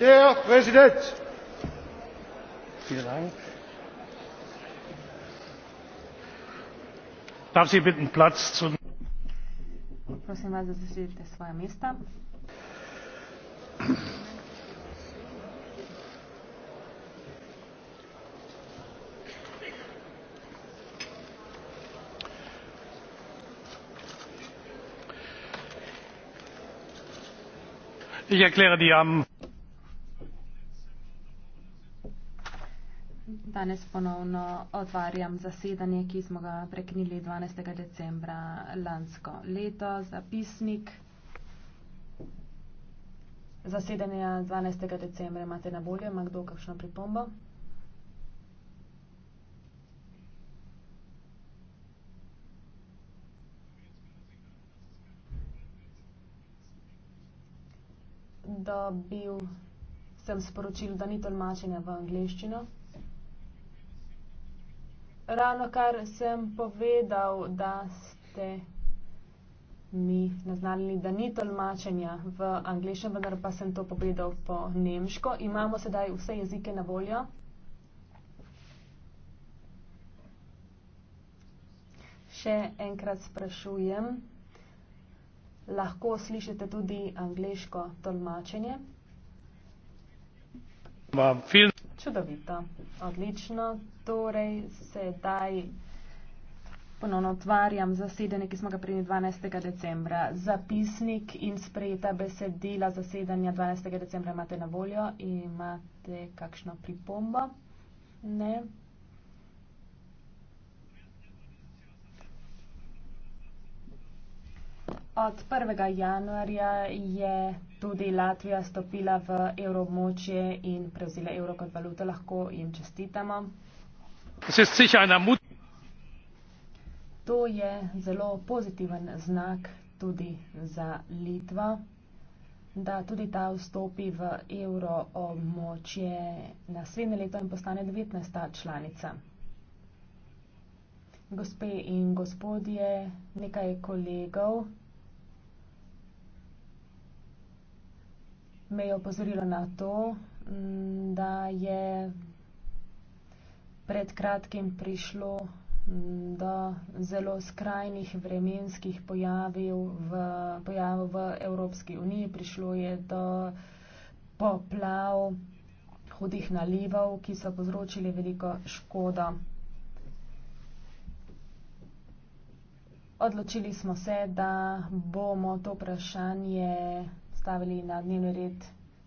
der präsident! darf sie bitten platz zu nehmen. ich erkläre die danes ponovno otvarjam zasedanje, ki smo ga preknili 12. decembra lansko leto. Zapisnik zasedanja 12. decembra imate na voljo. Ima kdo kakšno pripombo? Dobil sem sporočil, da ni tolmačenja v angliščino. Ravno kar sem povedal, da ste mi naznali, da ni tolmačenja v angliščem, vendar pa sem to povedal po nemško. Imamo sedaj vse jezike na voljo. Še enkrat sprašujem, lahko slišite tudi angliško tolmačenje? Mam film. Čudovito, odlično. Torej, sedaj ponovno otvarjam zasedanje, ki smo ga prejeli 12. decembra. Zapisnik in sprejeta besedila zasedanja 12. decembra imate na voljo. Imate kakšno pripombo? Ne. Od 1. januarja je tudi Latvija stopila v evromočje in prevzela evro kot valuto. Lahko jim čestitamo. To je zelo pozitiven znak tudi za Litvo, da tudi ta vstopi v evromočje naslednje leto in postane 19. članica. Gospe in gospodje, nekaj kolegov. me je opozorilo na to, mm, da je pred kratkim prišlo mm, do zelo skrajnih vremenskih pojavov v, pojav v Evropski uniji. Prišlo je do poplav, hudih nalivov, ki so povzročili veliko škodo. Odločili smo se, da bomo to vprašanje postavili na dnevni red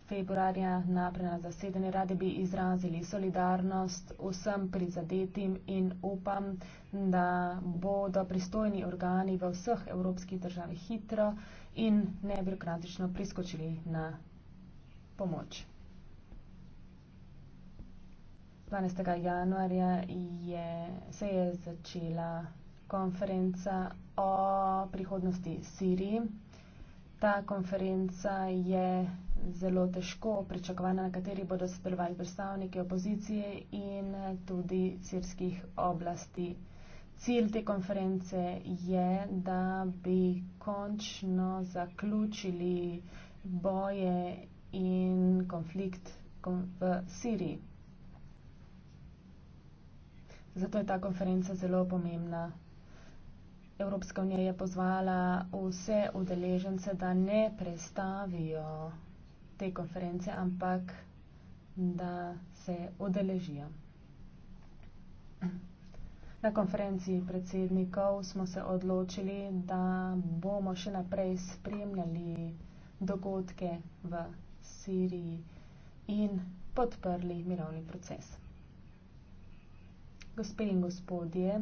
februarja na prenas zasedanje. Radi bi izrazili solidarnost vsem prizadetim in upam, da bodo pristojni organi v vseh evropskih državah hitro in nebirokratično priskočili na pomoč. 12. januarja je, se je začela konferenca o prihodnosti Siriji ta konferenca je zelo težko pričakovana, na kateri bodo sodelovali predstavniki opozicije in tudi sirskih oblasti. Cilj te konference je, da bi končno zaključili boje in konflikt v Siriji. Zato je ta konferenca zelo pomembna. Evropska unija je pozvala vse udeležence, da ne prestavijo te konference, ampak da se udeležijo. Na konferenci predsednikov smo se odločili, da bomo še naprej spremljali dogodke v Siriji in podprli mirovni proces. Gospe in gospodje,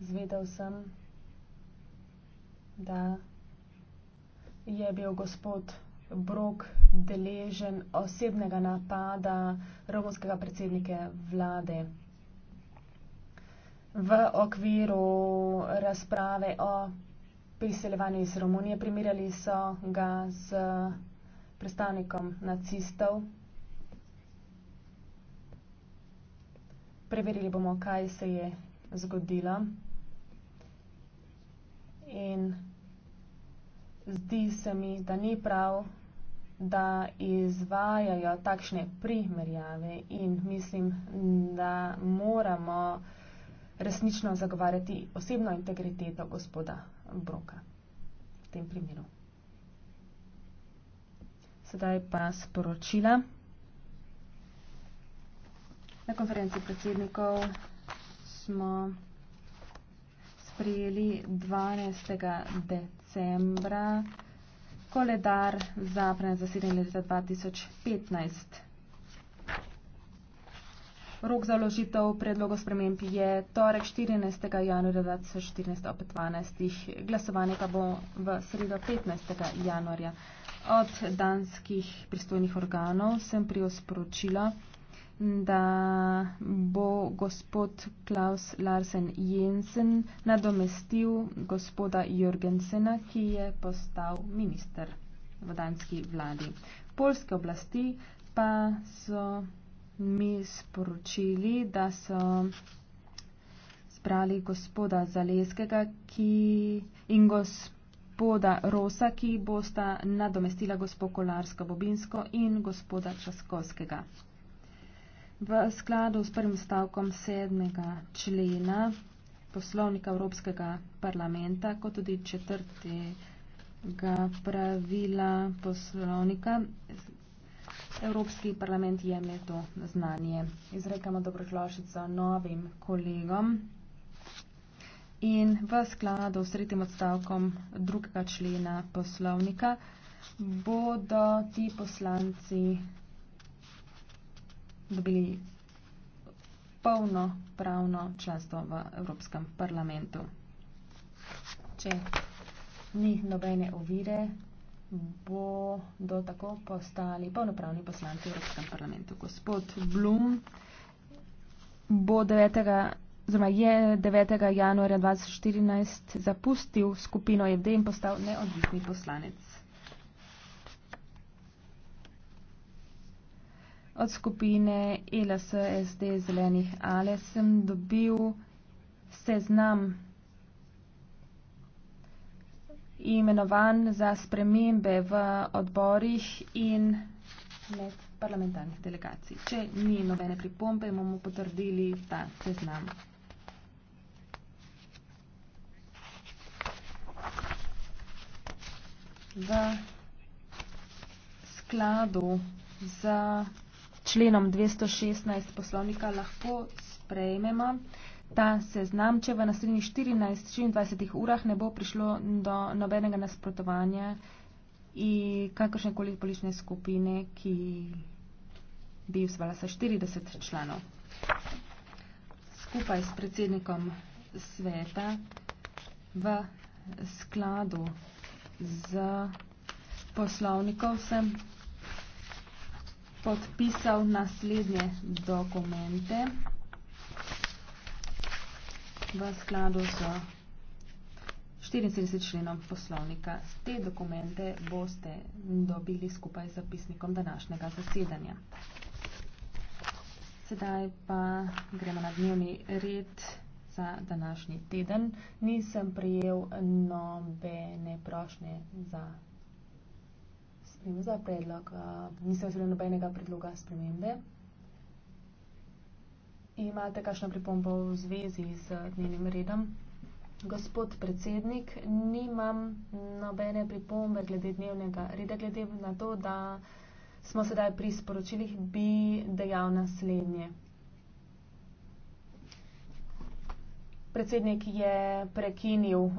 zvedel sem, da je bil gospod Brok deležen osebnega napada romunskega predsednike vlade. V okviru razprave o priseljevanju iz Romunije primerjali so ga z predstavnikom nacistov. Preverili bomo, kaj se je zgodilo in zdi se mi, da ni prav, da izvajajo takšne primerjave in mislim, da moramo resnično zagovarjati osebno integriteto gospoda Broka v tem primeru. Sedaj pa sporočila. Na konferenci predsednikov smo prijeli 12. decembra koledar za prenesenje leta 2015. Rok za ložitev predlogo sprememb je torek 14. januarja 2014 ob 12. Glasovanje pa bo v sredo 15. januarja. Od danskih pristojnih organov sem prijel sporočilo, da bo gospod Klaus Larsen Jensen nadomestil gospoda Jorgensena, ki je postal minister v danski vladi. Polske oblasti pa so mi sporočili, da so zbrali gospoda Zaleskega ki, in gospoda Rosa, ki bosta nadomestila gospod Kolarsko-Bobinsko in gospoda Časkovskega. V skladu s prvim stavkom 7. člena poslovnika Evropskega parlamenta, kot tudi četrtega pravila poslovnika, Evropski parlament jemlje to znanje. Izrekamo dobrošlošico novim kolegom. In v skladu s tretjim odstavkom drugega člena poslovnika bodo ti poslanci dobili polno pravno članstvo v Evropskem parlamentu. Če ni nobene ovire, bo do tako postali polnopravni poslanci v Evropskem parlamentu. Gospod Blum bo 9. oziroma je 9. januarja 2014 zapustil skupino FD in postal neodvisni poslanec. od skupine ELS SD zelenih ale sem dobil seznam imenovan za spremembe v odborih in med parlamentarnih delegacij. Če ni nobene pripombe, bomo potrdili ta seznam. V skladu za členom 216 poslovnika lahko sprejmemo ta seznam, če v naslednjih 14-24 urah ne bo prišlo do nobenega nasprotovanja in kakršne koli politične skupine, ki bi vzvala sa 40 članov. Skupaj s predsednikom sveta v skladu z poslovnikov sem podpisal naslednje dokumente v skladu z 74 členom poslovnika. Te dokumente boste dobili skupaj z zapisnikom današnjega zasedanja. Sedaj pa gremo na dnevni red za današnji teden. Nisem prijel nobene prošnje za bil za predlog, nisem videl nobenega predloga spremembe. Imate kakšno pripombo v zvezi z dnevnim redom? Gospod predsednik, nimam nobene pripombe glede dnevnega reda, glede na to, da smo sedaj pri sporočilih, bi dejal naslednje. Predsednik je prekinil.